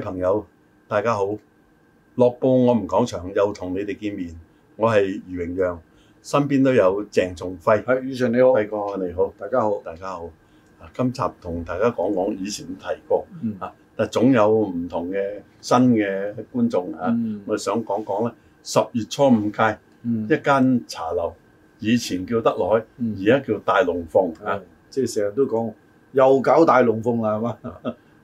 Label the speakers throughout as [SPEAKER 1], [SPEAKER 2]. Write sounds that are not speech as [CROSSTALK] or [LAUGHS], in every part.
[SPEAKER 1] 朋友，大家好，樂報我們講場，又同你哋見面，我係余榮陽，身邊都有鄭仲輝，余、哎、順你好，輝哥你好，大家好，大家好。啊，今集同大家講講以前提過，嗯、啊，但係總有唔同嘅、新嘅觀眾啊、嗯，我想講講咧，十月初五街、嗯、一間茶樓，以前叫德來，而家叫大龍鳳、嗯、啊，即係成日都講又搞大龍鳳啦，係嘛，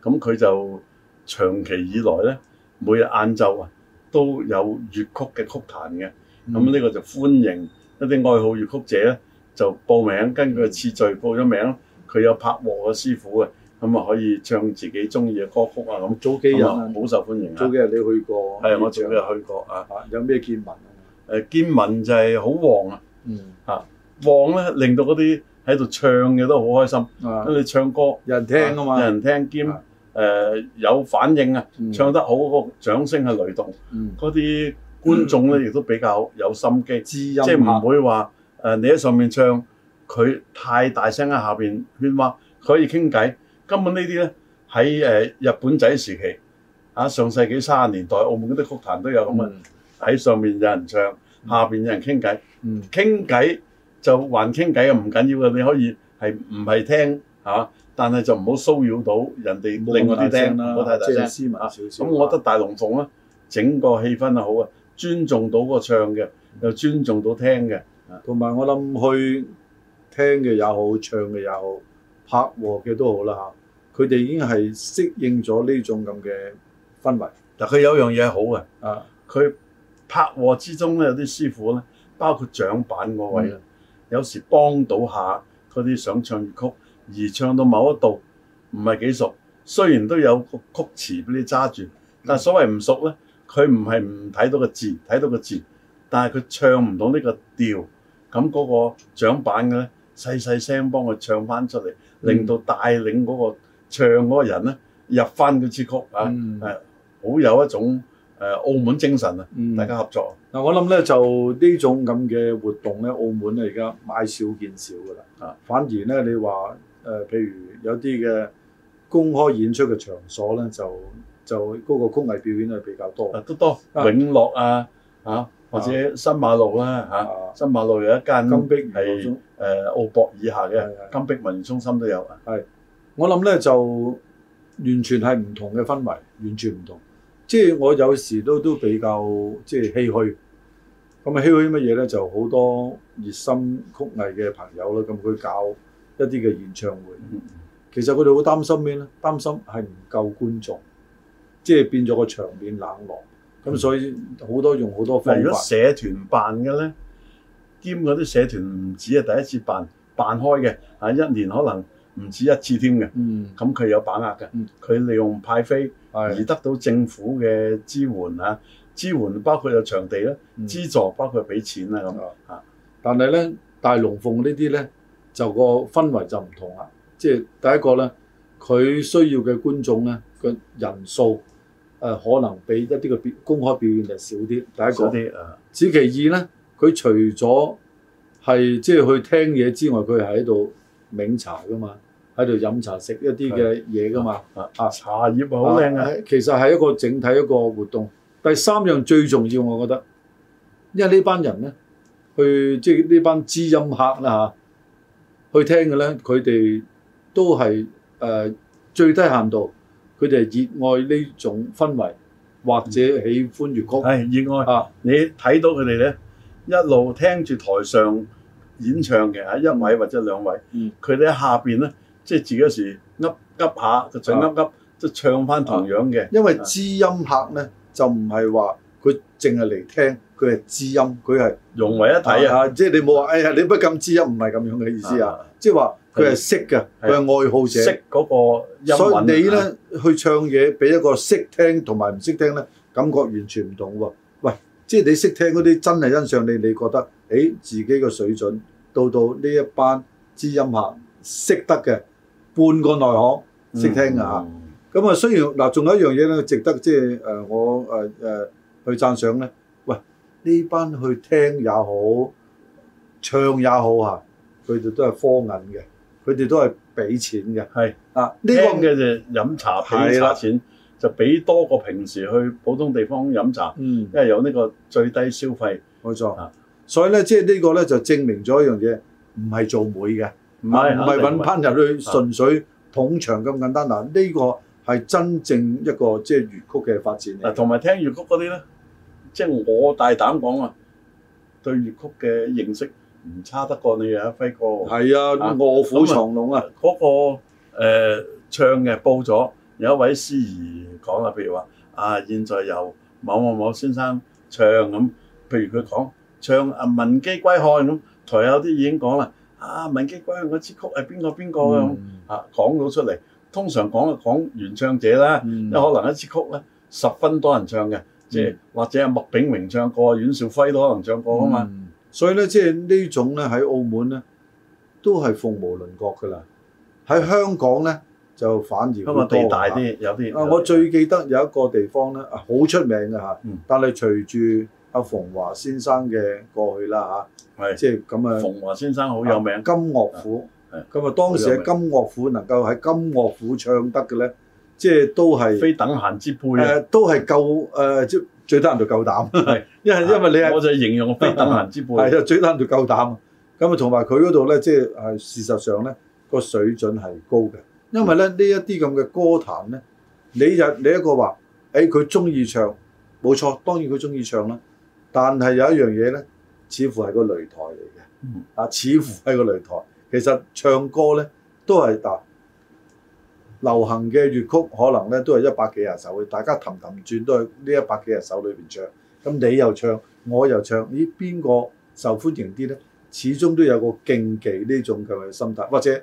[SPEAKER 1] 咁 [LAUGHS] 佢就。長期以來咧，每日晏晝啊，都有粵曲嘅曲壇嘅。咁、嗯、呢個就歡迎一啲愛好粵曲者咧，就報名根據次序報咗名佢有拍和嘅師傅嘅，咁啊可以唱自己中意嘅歌曲啊。咁、嗯、早幾日好受歡迎啊！早幾日你去過？係啊，我早幾日去過啊。有咩見聞啊？誒見聞就係好旺、嗯、啊！嗯嚇，旺咧令到嗰啲喺度唱嘅都好開心。嗯、因為你唱歌有人聽啊嘛，有人聽兼。啊誒、呃、有反應啊！嗯、唱得好，嗰、嗰個掌聲係雷動，嗰、嗯、啲觀眾咧亦都比較有心機，即係唔會話、呃、你喺上面唱，佢太大聲喺、啊、下面話，喧譁，佢可以傾偈。根本呢啲咧喺日本仔時期啊，上世紀三十年代，澳門嗰啲曲壇都有咁啊，喺、嗯、上面有人唱，下面有人傾偈，傾、嗯、偈就還傾偈啊，唔緊要㗎，你可以係唔係聽嚇？但係就唔好騷擾到人哋另外啲聽啦，即係、就是、斯文少少。咁我覺得大龍鳳呢，整個氣氛係好啊、嗯嗯嗯嗯嗯嗯，尊重到個唱嘅，又尊重到聽嘅，同、啊、埋、啊、我諗去聽嘅也好，唱嘅也好，拍和嘅都好啦嚇。佢哋已經係適應咗呢種咁嘅氛圍。但佢有樣嘢好嘅，啊，佢、啊、拍和之中咧有啲師傅咧，包括掌板嗰位啦，有時幫到下嗰啲想唱粵曲。而唱到某一度唔係幾熟，雖然都有個曲詞俾你揸住，但所謂唔熟呢，佢唔係唔睇到個字，睇到個字，但係佢唱唔到呢個調，咁嗰個掌板嘅咧細細聲幫佢唱翻出嚟、嗯，令到帶領嗰個唱嗰個人呢入翻嗰支曲啊，好、嗯、有一種誒、呃、澳門精神啊、嗯！大家合作嗱，嗯、我諗呢就呢種咁嘅活動咧，澳門咧而家買少見少㗎啦，啊，反而呢，你話。誒、呃，譬如有啲嘅公開演出嘅場所咧，就就嗰個曲藝表演係比較多，都、啊、多永樂啊嚇、啊啊，或者新馬路啦、啊、嚇、啊啊啊，新馬路有一間金碧係誒澳博以下嘅金碧文娛中心都有、啊。我諗咧就完全係唔同嘅氛圍，完全唔同。即係我有時都都比較即係唏噓。咁唏噓啲乜嘢咧？就好多熱心曲藝嘅朋友啦，咁佢搞。一啲嘅演唱會、嗯，其實佢哋好擔心咩咧？擔心係唔夠觀眾，即係變咗個場面冷落。咁、嗯、所以好多用好多飛。如果社團辦嘅呢，兼嗰啲社團唔止係第一次辦，辦開嘅啊，一年可能唔止一次添嘅。嗯，咁佢有把握嘅，佢、嗯、利用派飛而得到政府嘅支援啊，支援包括有場地啦、嗯，資助包括俾錢啦咁啊。但係呢，大龍鳳呢啲呢。就個氛圍就唔同啦，即係第一個咧，佢需要嘅觀眾咧，個人數、呃，可能比一啲嘅公開表演就少啲。第一個。少啲、啊、此其二咧，佢除咗係即係去聽嘢之外，佢係喺度茗茶噶嘛，喺度飲茶食一啲嘅嘢噶嘛。啊！啊啊茶葉好靚啊！其實係一個整體一個活動。第三樣最重要，我覺得，因為呢班人咧，去即係呢班知音客啦、啊去聽嘅咧，佢哋都係誒、呃、最低限度，佢哋熱愛呢種氛圍，或者喜歡粵曲。係、嗯嗯哎、熱愛。啊、你睇到佢哋咧，一路聽住台上演唱嘅，喺一位或者兩位，佢哋喺下邊咧，即係自己嗰時噏噏下，就再噏噏，即、啊、係唱翻同樣嘅、啊。因為知音客咧、啊，就唔係話。佢淨係嚟聽，佢係知音，佢係融為一體啊，啊，啊！即係你冇話、啊，哎呀，你不禁知音唔係咁樣嘅意思啊！啊，即係話佢係識嘅，佢係、啊、愛好者、啊、識嗰個音韻，所以你咧、啊、去唱嘢，俾一個識聽同埋唔識聽咧，感覺完全唔同喎、啊。喂，即係你識聽嗰啲真係欣賞你，嗯、你覺得誒自己嘅水準到到呢一班知音客識得嘅半個內行識聽嘅咁啊，嗯嗯、雖然嗱，仲有一樣嘢咧，值得即係、呃、我誒誒。呃去讚賞咧，喂，呢班去聽也好，唱也好，佢哋都係科銀嘅，佢哋都係俾錢嘅。係啊，這個、聽嘅就飲茶俾茶錢，就俾多個平時去普通地方飲茶。嗯，因為有呢個最低消費，冇錯。所以咧，即係呢個咧就證明咗一樣嘢，唔係做媒嘅，唔係唔係揾班人入去純粹捧場咁簡單。嗱，呢、這個係真正一個即係粵曲嘅發展。同埋聽粵曲嗰啲咧。即係我大膽講啊，對粵曲嘅認識唔差得過你啊，輝哥。係啊，臥虎藏龍啊，嗰個誒唱嘅報咗有一位司儀講啦，譬如話啊，現在由某某某先生唱咁。譬如佢講唱啊《文姬歸漢》咁，台下啲已經講啦，啊《文姬歸漢》嗰支曲係邊個邊個咁啊講到出嚟，通常講講原唱者啦，有可能一支曲咧十分多人唱嘅。即係或者阿麥炳榮唱過，阮兆輝都可能唱過啊嘛。所以咧，即係呢種咧喺澳門咧都係鳳毛麟角嘅啦。喺香港咧就反而香港地大啲，有啲啊，我最記得有一個地方咧，好出名嘅嚇。但係隨住阿馮華先生嘅過去啦嚇，係即係咁啊。馮華先生好有名，金樂府。咁啊，當時喺金樂府能夠喺金樂府唱得嘅咧？即係都係非等閒之輩，誒都係夠誒即、呃、最得人就夠膽，因為因為你係我就係形容非等閒之輩，係、嗯、啊最得人就夠膽。咁啊，同埋佢嗰度咧，即係事實上咧個水準係高嘅。因為咧呢一啲咁嘅歌壇咧，你就你一個話誒佢中意唱，冇錯，當然佢中意唱啦。但係有一樣嘢咧，似乎係個擂台嚟嘅，啊、嗯，似乎係個擂台。其實唱歌咧都係嗱。流行嘅粵曲可能咧都係一百幾廿首嘅，大家氹氹轉都係呢一百幾廿首裏邊唱，咁你又唱，我又唱，咦邊個受歡迎啲咧？始終都有個競技呢種嘅心態，或者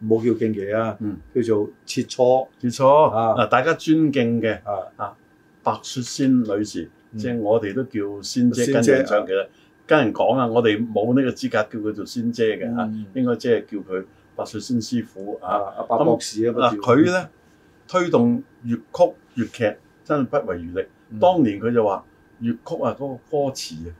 [SPEAKER 1] 唔好叫競技啊，叫做切磋。切磋啊！大家尊敬嘅啊，啊白雪仙女士，即、嗯、係、就是、我哋都叫仙姐，仙姐跟人唱嘅啦，其實跟人講啊，我哋冇呢個資格叫佢做仙姐嘅、嗯、啊，應該即係叫佢。白水仙師傅啊，阿白博士啊，嗱佢咧推動粵曲粵劇，、嗯、劇真係不遺餘力、嗯。當年佢就話粵曲啊，嗰個歌詞啊，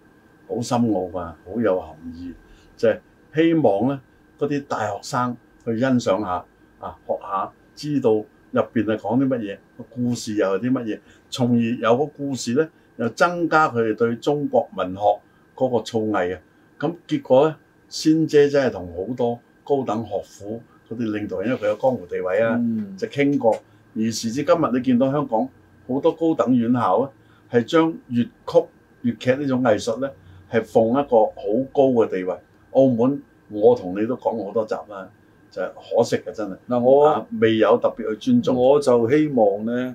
[SPEAKER 1] 好深奧㗎，好有含義，就係、是、希望咧嗰啲大學生去欣賞下啊，學下知道入邊係講啲乜嘢，故事又係啲乜嘢，從而有個故事咧又增加佢哋對中國文學嗰個造詣啊。咁結果咧，仙姐真係同好多～高等學府佢哋領導人，因為佢有江湖地位啊，就傾過。而時至今日，你見到香港好多高等院校咧，係將粵曲、粵劇呢種藝術咧，係放一個好高嘅地位。澳門我同你都講過好多集啦，就係可惜嘅真係。嗱，我未有特別去尊重。我就希望咧，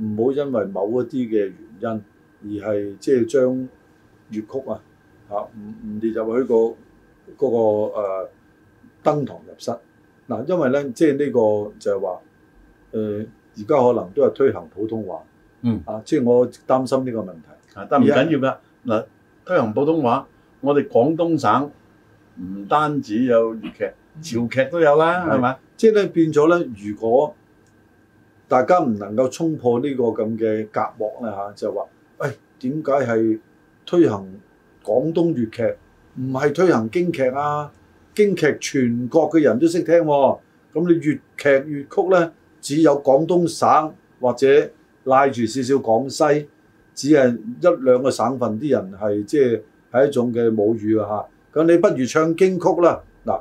[SPEAKER 1] 唔好因為某一啲嘅原因，而係即係將粵曲啊，嚇唔唔列入去個嗰個誒。登堂入室嗱、啊，因為咧，即係呢個就係話，誒而家可能都係推行普通話，嗯啊，即係我擔心呢個問題、啊、但唔緊要噶嗱、啊，推行普通話，我哋廣東省唔單止有粵劇、潮劇都有啦，係咪啊？即係咧變咗咧，如果大家唔能夠衝破呢個咁嘅隔膜咧嚇，就話、是，喂、哎，點解係推行廣東粵劇，唔係推行京劇啊？京劇全國嘅人都識聽、哦，咁你粵劇粵曲呢，只有廣東省或者拉住少少廣西，只係一兩個省份啲人係即係係一種嘅母語啊嚇。咁你不如唱京曲啦嗱，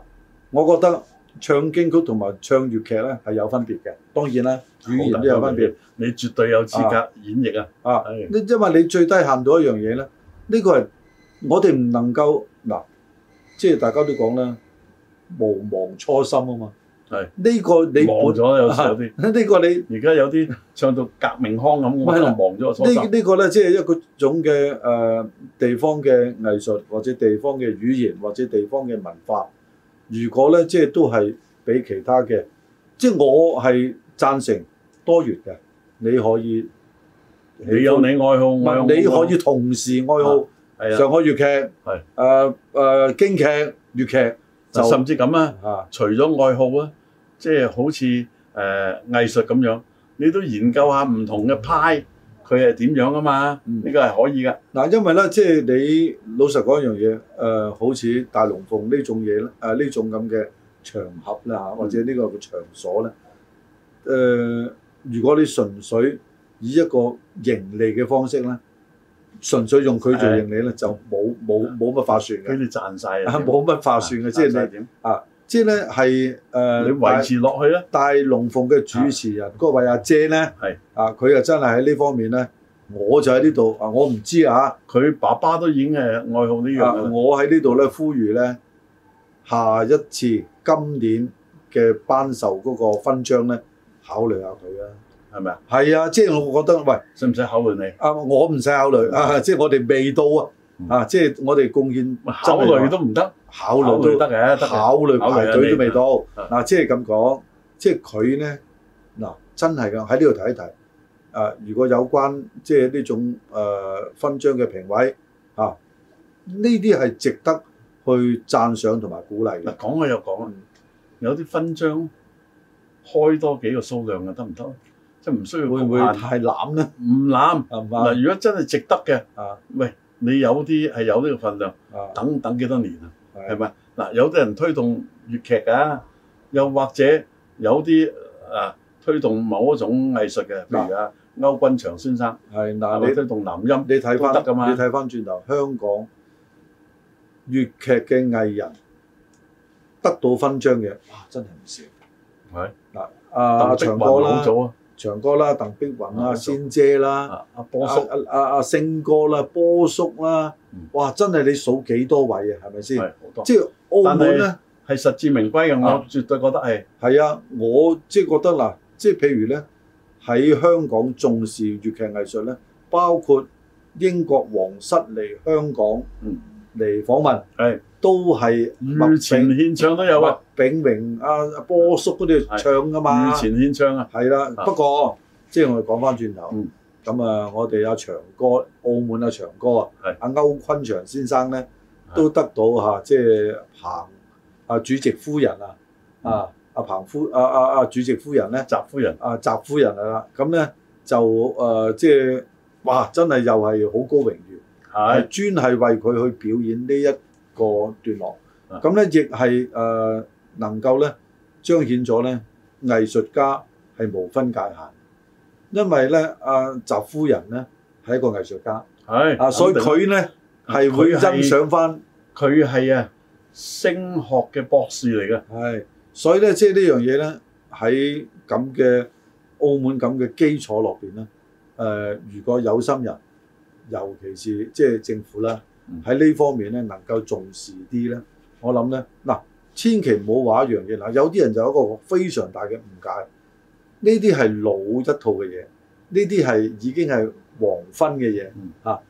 [SPEAKER 1] 我覺得唱京曲同埋唱粵劇呢係有分別嘅。當然啦，語言都有分別你，你絕對有資格演繹啊啊，啊！因為你最低限度一樣嘢呢，呢、呢個係我哋唔能夠嗱。即係大家都講啦，無忘初心啊嘛。係呢、呢個你忘咗有時有啲呢、啊呢個你而家有啲唱到革命腔咁，咁喺度忘咗初心呢，呢個咧即係一個種嘅誒、呃、地方嘅藝術，或者地方嘅語言，或者地方嘅文化。如果咧即係都係比其他嘅，即係我係贊成多元嘅。你可以你有你愛好，愛好，你可以同時愛好。上海粵劇，係誒誒京劇、劇、粵劇，甚至咁啦、啊啊。除咗愛好啊，即、就、係、是、好似誒、呃、藝術咁樣，你都研究一下唔同嘅派，佢係點樣啊嘛？呢個係可以噶。嗱，因為咧，即、就、係、是、你老實講一樣嘢，誒、呃、好似大龍鳳呢種嘢咧，誒、啊、呢種咁嘅場合咧，或者呢個嘅場所咧，誒、嗯呃、如果你純粹以一個盈利嘅方式咧。純粹用佢做盈利咧，就冇冇冇乜法算嘅，跟住賺晒，啊！冇乜、啊、法算嘅，即係你啊，即係咧係你維持落去咧。大、啊、龍鳳嘅主持人嗰位阿姐咧，啊，佢又、啊、真係喺呢方面咧，我就喺呢度啊，我唔知啊佢爸爸都已經係愛好樣、啊、呢樣我喺呢度咧呼籲咧，下一次今年嘅頒授嗰個勳章咧，考慮下佢啊。係咪啊？係啊，即係我覺得，喂，使唔使考慮你？啊，我唔使考慮啊，即係我哋未到啊，啊，即係我哋貢獻考慮都唔得，考慮都得嘅，考慮，考慮，考慮、啊、排隊考慮不都未到。嗱、啊，即係咁講，即係佢咧，嗱、啊，真係㗎，喺呢度睇一睇，誒、啊，如果有關即係呢種誒勛、呃、章嘅評委啊，呢啲係值得去讚賞同埋鼓勵的。嗱，講又講，有啲勛章開多幾個數量嘅得唔得？行不行？即係唔需要會唔會太濫咧？唔濫嗱，如果真係值得嘅、啊，喂，你有啲係有呢個份量、啊，等等幾多年啊？係咪嗱？有啲人推動粵劇㗎、啊，又或者有啲啊推動某一種藝術嘅，譬如啊，啊歐君祥先生係嗱、啊啊，你推動南音，你睇翻你睇翻轉頭香港粵劇嘅藝人得到勳章嘅，哇！真係唔少係嗱，阿、啊啊、長哥啦。長哥啦、鄧碧雲啦、仙姐啦、阿波叔、阿阿阿星哥啦、波叔啦，哇！真係你數幾多位啊？係咪先？係好多。即係澳門咧，係實至名歸㗎嘛。我絕對覺得係。係啊，我即係覺得嗱，即係譬如咧，喺香港重視粵劇藝術咧，包括英國皇室嚟香港嚟訪問。都係御前獻唱都有丙啊，炳榮啊，阿波叔嗰啲唱噶嘛，御前獻唱啊，係啦。不過即係我哋講翻轉頭，咁、嗯、啊，我哋阿、啊、祥哥，澳門阿、啊、祥哥啊，阿歐坤祥先生咧都得到嚇、啊，即係彭啊主席夫人啊，啊阿彭夫啊啊啊主席夫人咧、啊，習夫人啊習夫人啊啦。咁咧就誒即係哇，真係又係好高榮譽，係專係為佢去表演呢一。個段落咁咧，亦係誒能夠咧彰顯咗咧藝術家係無分界限。因為咧阿習夫人咧係一個藝術家，係啊，所以佢咧係會欣賞翻，佢係啊聲學嘅博士嚟嘅，係，所以咧即係呢樣嘢咧喺咁嘅澳門咁嘅基礎落邊咧，誒、呃、如果有心人，尤其是即係、就是、政府啦。喺呢方面咧，能夠重視啲咧，我諗咧，嗱、啊，千祈唔好話一樣嘢嗱、啊，有啲人就有一個非常大嘅誤解，呢啲係老一套嘅嘢，呢啲係已經係黃昏嘅嘢嚇。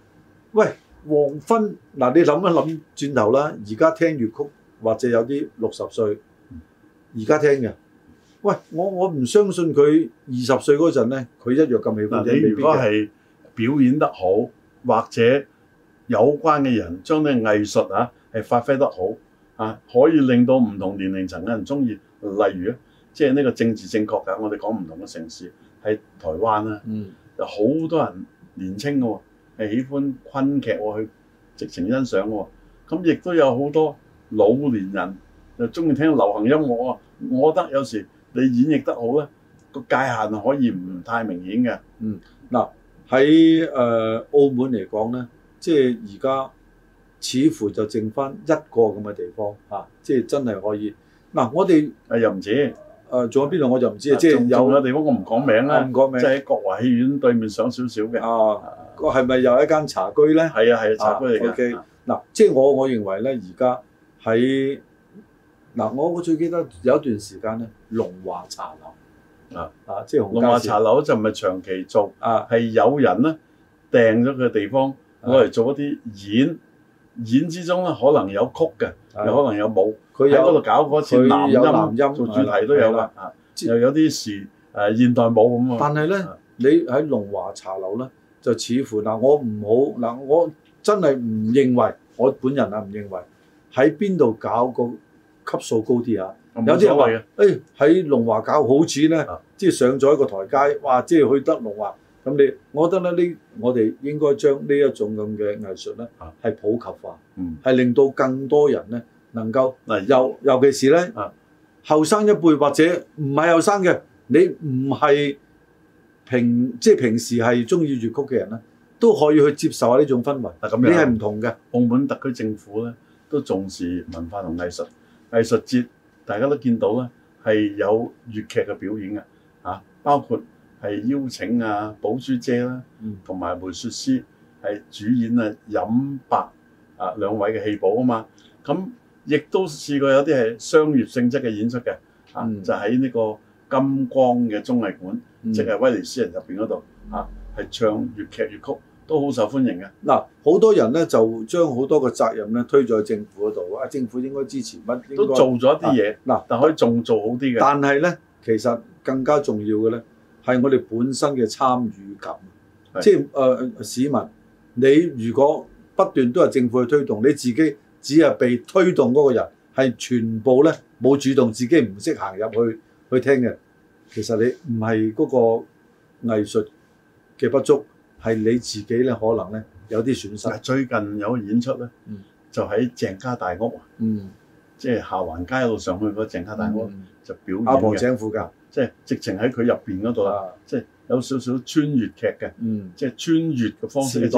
[SPEAKER 1] 喂，黃昏嗱、啊，你諗一諗轉頭啦，而家聽粵曲或者有啲六十歲，而家聽嘅，喂，我我唔相信佢二十歲嗰陣咧，佢一樣咁喜歡。嗱、啊，你如果係表演得好或者，有關嘅人將啲藝術嚇、啊、係發揮得好嚇、啊，可以令到唔同年齡層嘅人中意。例如咧，即係呢個政治正確嘅，我哋講唔同嘅城市喺台灣啦、啊，嗯，好多人年輕嘅係喜歡昆劇、啊、去直情欣賞嘅、啊，咁亦都有好多老年人就中意聽流行音樂啊。我覺得有時你演繹得好咧，個界限可以唔太明顯嘅。嗯，嗱喺誒澳門嚟講咧。即係而家似乎就剩翻一個咁嘅地方嚇、啊，即係真係可以嗱、啊，我哋又唔止誒，仲、呃、有邊度我就唔知啦、啊。即係有個地方我唔講名啦、啊，即係喺國華戲院對面上少少嘅。啊，個係咪又一間茶居咧？係啊係、啊、茶居嚟嘅。嗱、啊 okay 啊啊，即係我我認為咧，而家喺嗱，我、啊、我最記得有一段時間咧，龍華茶樓啊啊，即係龍華茶樓就唔係長期做啊，係有人咧訂咗個地方。我嚟做一啲演，演之中咧可能有曲嘅，有可能有舞。佢喺嗰度搞嗰次男音，男音做主題都有㗎。啊，又有啲事，誒現代舞咁。但係咧，你喺龍華茶樓咧，就似乎嗱，我唔好嗱，我真係唔認為，我本人啊唔認為，喺邊度搞個級數高啲啊？有啲話誒，喺龍華搞好似咧，即係上咗一個台階，哇！即係去得龍華。咁你，我覺得咧，呢我哋應該將呢一種咁嘅藝術咧，係、啊、普及化，係、嗯、令到更多人咧能夠嗱，尤尤其是咧後生一輩或者唔係後生嘅，你唔係平即係、就是、平時係中意粵曲嘅人咧，都可以去接受下呢種氛圍。咁、啊、樣，呢係唔同嘅。澳門特區政府咧都重視文化同藝術，藝術節大家都見到咧係有粵劇嘅表演嘅，嚇、啊、包括。係邀請啊，寶珠姐啦、啊，同埋梅雪詩係主演啊，飲白啊兩位嘅戲寶啊嘛。咁、啊、亦都試過有啲係商業性質嘅演出嘅、嗯啊、就喺呢個金光嘅綜藝館，即係威尼斯人入面嗰度係唱粵劇粵曲，都好受歡迎嘅。嗱，好多人咧就將好多個責任咧推咗去政府嗰度啊，政府應該支持乜，都做咗一啲嘢。嗱、啊啊，但可以仲做好啲嘅。但係咧，其實更加重要嘅咧。係我哋本身嘅參與感，即係誒、呃、市民，你如果不斷都係政府去推動，你自己只係被推動嗰個人，係全部咧冇主動，自己唔識行入去去聽嘅。其實你唔係嗰個藝術嘅不足，係你自己咧可能咧有啲損失。最近有演出咧、嗯，就喺鄭家大屋啊，即、嗯、係、就是、下環街路上去嗰鄭家大屋就表演嘅、嗯嗯、阿婆請扶㗎。即係直情喺佢入邊嗰度啦，即係有少少穿越劇嘅、嗯，即係穿越嘅方式，即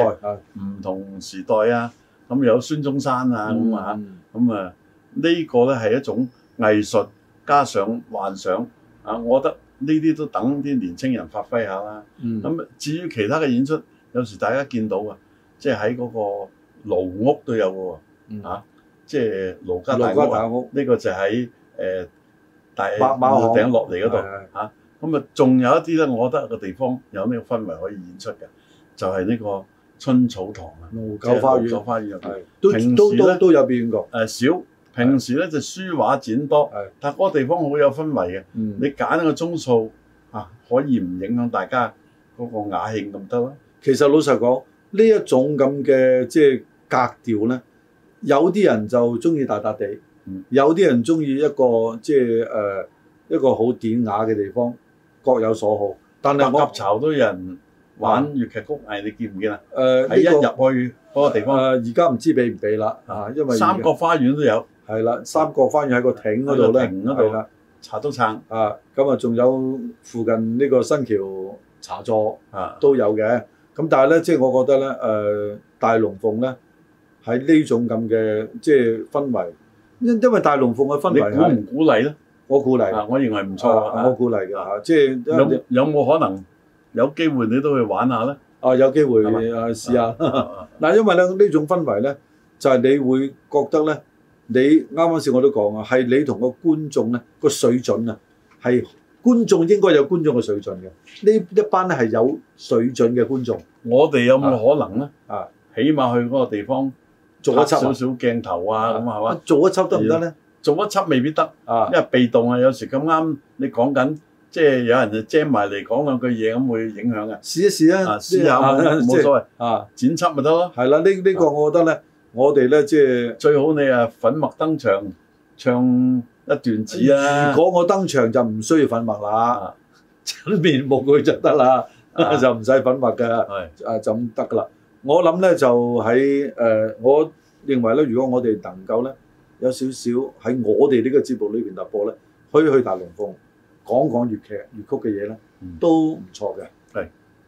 [SPEAKER 1] 唔同時代啊。咁、嗯、有孫中山啊咁、嗯、啊咁啊呢個咧係一種藝術加上幻想啊。我覺得呢啲都等啲年青人發揮一下啦。咁、嗯、至於其他嘅演出，有時大家見到嘅，即係喺嗰個盧屋都有嘅喎、嗯啊、即係盧家大屋。呢、這個就喺誒。呃大帽頂落嚟嗰度嚇，咁啊仲有一啲咧，我覺得個地方有咩氛圍可以演出嘅，就係、是、呢個春草堂啊，即係綠、就是、花園入邊。平時咧都，都，都，都有變過，誒、啊、少。平時咧就書畫展多，但嗰個地方好有氛圍嘅。你揀個鐘數嚇，可以唔影響大家嗰個雅興咁得啦。其實老實講，呢一種咁嘅即係格調咧，有啲人就中意大笪地。嗯、有啲人中意一個即係、呃、一個好典雅嘅地方，各有所好。但係我 𥄫 巢都有人玩粵劇曲藝，啊、你見唔見啊？誒、呃，喺入去嗰個地方誒，而家唔知俾唔俾啦啊，因為三角花園都有係啦。三角花園喺個亭嗰度咧，亭嗰度啦，茶都撐啊。咁啊，仲有附近呢個新橋茶座啊都有嘅。咁、啊啊、但係咧，即、就、係、是、我覺得咧誒、呃、大龍鳳咧喺呢這種咁嘅即係氛圍。因因為大龍鳳嘅氛圍，你鼓唔鼓勵咧？我鼓勵、啊，我認為唔錯啊！我鼓勵㗎嚇、啊，即係有有冇可能有機會你都去玩一下玩下咧？啊，有機會啊，試下嗱、啊啊 [LAUGHS] 啊啊，因為咧呢種氛圍咧，就係、是、你會覺得咧，你啱啱先我都講啊，係你同個觀眾咧個水準啊，係觀眾應該有觀眾嘅水準嘅，呢一班咧係有水準嘅觀眾，我哋有冇可能咧、啊？啊，起碼去嗰個地方。做一輯少少鏡頭啊，咁係嘛、啊啊啊？做一輯得唔得咧？做一輯未必得啊，因為被動啊。有時咁啱你講緊，即、就、係、是、有人就遮埋嚟講兩句嘢，咁會影響嘅。試一試啦、啊啊，試一下冇、啊啊、所謂啊，剪輯咪得咯。係、啊、啦，呢呢、呢個我覺得咧、啊，我哋咧即係最好你啊粉墨登場唱一段子啊，啊如果我登場就唔需要粉墨啦，整面目佢就得啦，就唔使粉墨㗎，啊就咁得㗎啦。我諗咧就喺誒、呃，我認為咧，如果我哋能夠咧有少少喺我哋呢個節目裏面突破咧，可以去大龍鳳講講粵劇粵曲嘅嘢咧，都唔錯嘅。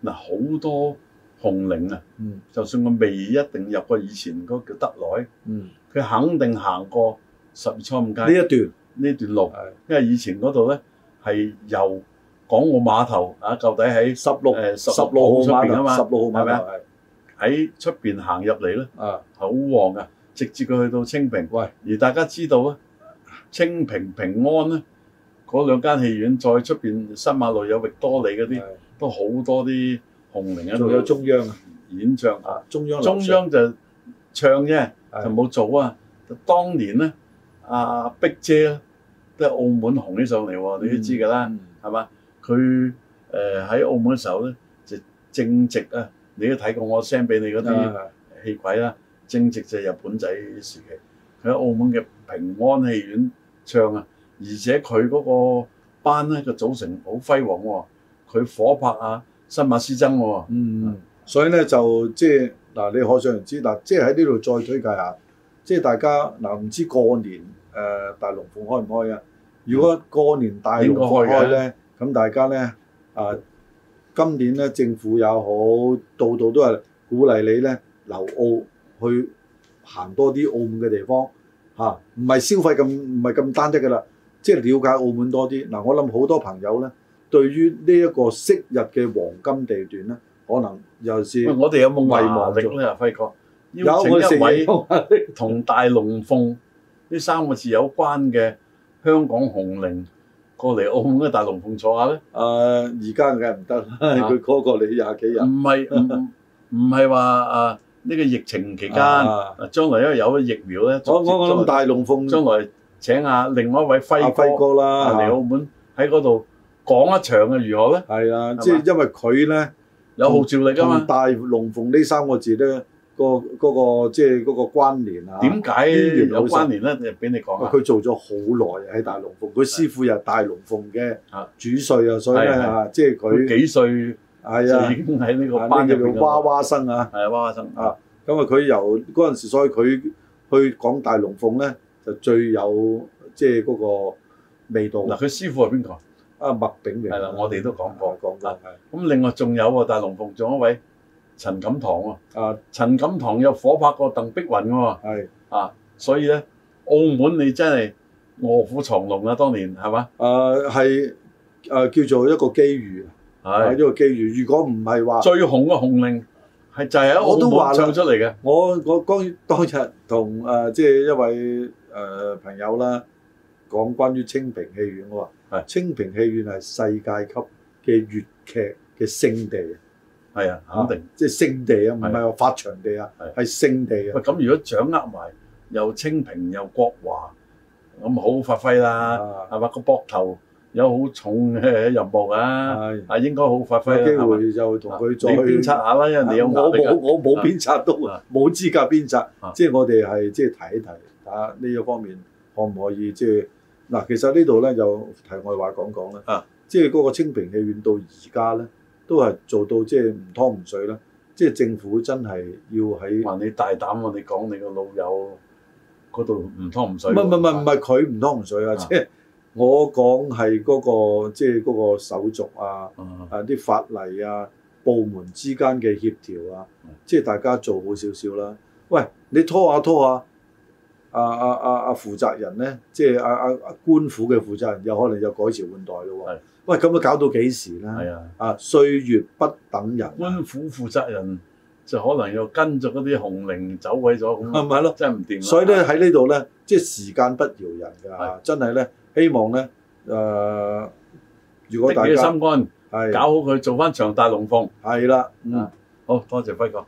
[SPEAKER 1] 嗱，好、啊、多紅伶啊，嗯，就算我未一定入過以前嗰個德萊，嗯，佢肯定行過十月初五街呢一段呢段路，因為以前嗰度咧係由港澳碼頭啊，舊底喺十六、呃、十六號碼頭，十六號碼頭係咪喺出邊行入嚟咧，啊，好旺㗎，直接佢去到清平。喂，而大家知道啊，清平平安咧，嗰兩間戲院再出邊新馬路有域多利嗰啲，都好多啲紅伶喺度。有中央啊，演唱啊，中央中央就唱啫，就冇做啊。當年咧，阿碧姐都係澳門紅起上嚟喎、嗯，你都知㗎啦，係、嗯、嘛？佢誒喺澳門嘅時候咧，就正值啊。你都睇過我 send 俾你嗰啲戲鬼啦，正值就係日本仔嘅時期，佢喺澳門嘅平安戲院唱啊，而且佢嗰個班咧嘅組成好輝煌喎，佢火拍啊新馬師曾喎，嗯嗯，所以咧就即係嗱，你可想而知嗱，即係喺呢度再推介下，即、就、係、係、大家嗱，唔知道過年誒、呃、大龍鳳開唔開啊、嗯？如果過年大龍鳳開開咧，咁大家咧啊～、呃今年咧，政府又好，度度都係鼓勵你咧留澳去行多啲澳門嘅地方嚇，唔、啊、係消費咁唔係咁單一㗎啦，即、就、係、是、了解澳門多啲。嗱、啊，我諗好多朋友咧，對於呢一個昔日嘅黃金地段咧，可能又是喂我哋有冇遺忘咗。阿輝哥，邀請一位同大龍鳳呢三個字有關嘅香港紅伶。過嚟澳門嘅大龍鳳坐下咧，啊，而家梗係唔得啦，佢 [LAUGHS] 高過你廿幾人。唔係唔唔係話啊，呢個疫情期間，啊，將來因為有疫苗咧，咁大龍鳳，將來請下另外一位輝哥，啊、輝哥啦嚟澳門喺嗰度講一場嘅如何咧？係啊，即係因為佢咧有號召力啊嘛。大龍鳳呢三個字咧。個嗰個即係嗰個關聯啊，點解有關聯咧？俾你講佢做咗好耐喺大龍鳳，佢師傅又大龍鳳嘅主帥啊，所以咧、啊、即係佢幾歲？係啊，已經喺呢個班入邊娃娃生啊，係娃娃生啊。咁啊，佢由嗰陣時，所以佢去講大龍鳳咧，就最有即係嗰個味道。嗱、啊，佢師傅係邊個？啊，麥炳榮。係啦，我哋都講過。講過咁，啊、另外仲有、啊、大龍鳳仲一位。陳錦棠喎、啊，啊，陳錦棠有火拍過鄧碧雲喎、啊，啊，所以咧，澳門你真係臥虎藏龍啊，當年係嘛？誒係、呃呃、叫做一個機遇，係一個機遇。如果唔係話最紅嘅紅伶係就係我都話唱出嚟嘅。我我剛當日同、呃、即係一位、呃、朋友啦，講關於清平戲院嘅，清平戲院係世界級嘅粵劇嘅聖地。係啊，肯定即係聖地啊，唔係話發場地係啊，係、啊、聖地啊。咁如果掌握埋又清平又國華，咁好發揮啦，係嘛？個膊頭有好重嘅任務啊，啊應該好發揮、啊、機會就。就同佢做去，再編輯下啦，因為你有我冇我冇編輯到啊，冇資格編輯、啊，即係我哋係即係提一提啊呢一、呢個、方面可唔可以即係嗱、啊？其實呢度咧就題外話講講啦，即係嗰個清平戲院到而家咧。都係做到即係唔拖唔水啦！即係政府真係要喺話你大膽，我哋講你個老友嗰度唔拖唔水。唔唔唔唔係佢唔拖唔水啊！即係我講係嗰個即係嗰個手續啊，啊啲法例啊，部門之間嘅協調啊，即係大家做好少少啦。喂，你拖下拖下，啊啊啊，阿阿負責人咧，即係啊啊，官府嘅負責人，有可能就改朝換代咯喎。喂，咁啊，搞到幾時呢？係啊，啊，歲月不等人，啊，官府負責人就可能又跟着嗰啲紅伶走鬼咗，咁咪係咯，真係唔掂。所以咧喺呢度咧，即、就、係、是、時間不饒人㗎，啊啊，真係咧，希望咧，誒、呃，如果大家心肝，係、啊、搞好佢，做翻場大龍鳳，係啦，啊，嗯，好多謝輝哥。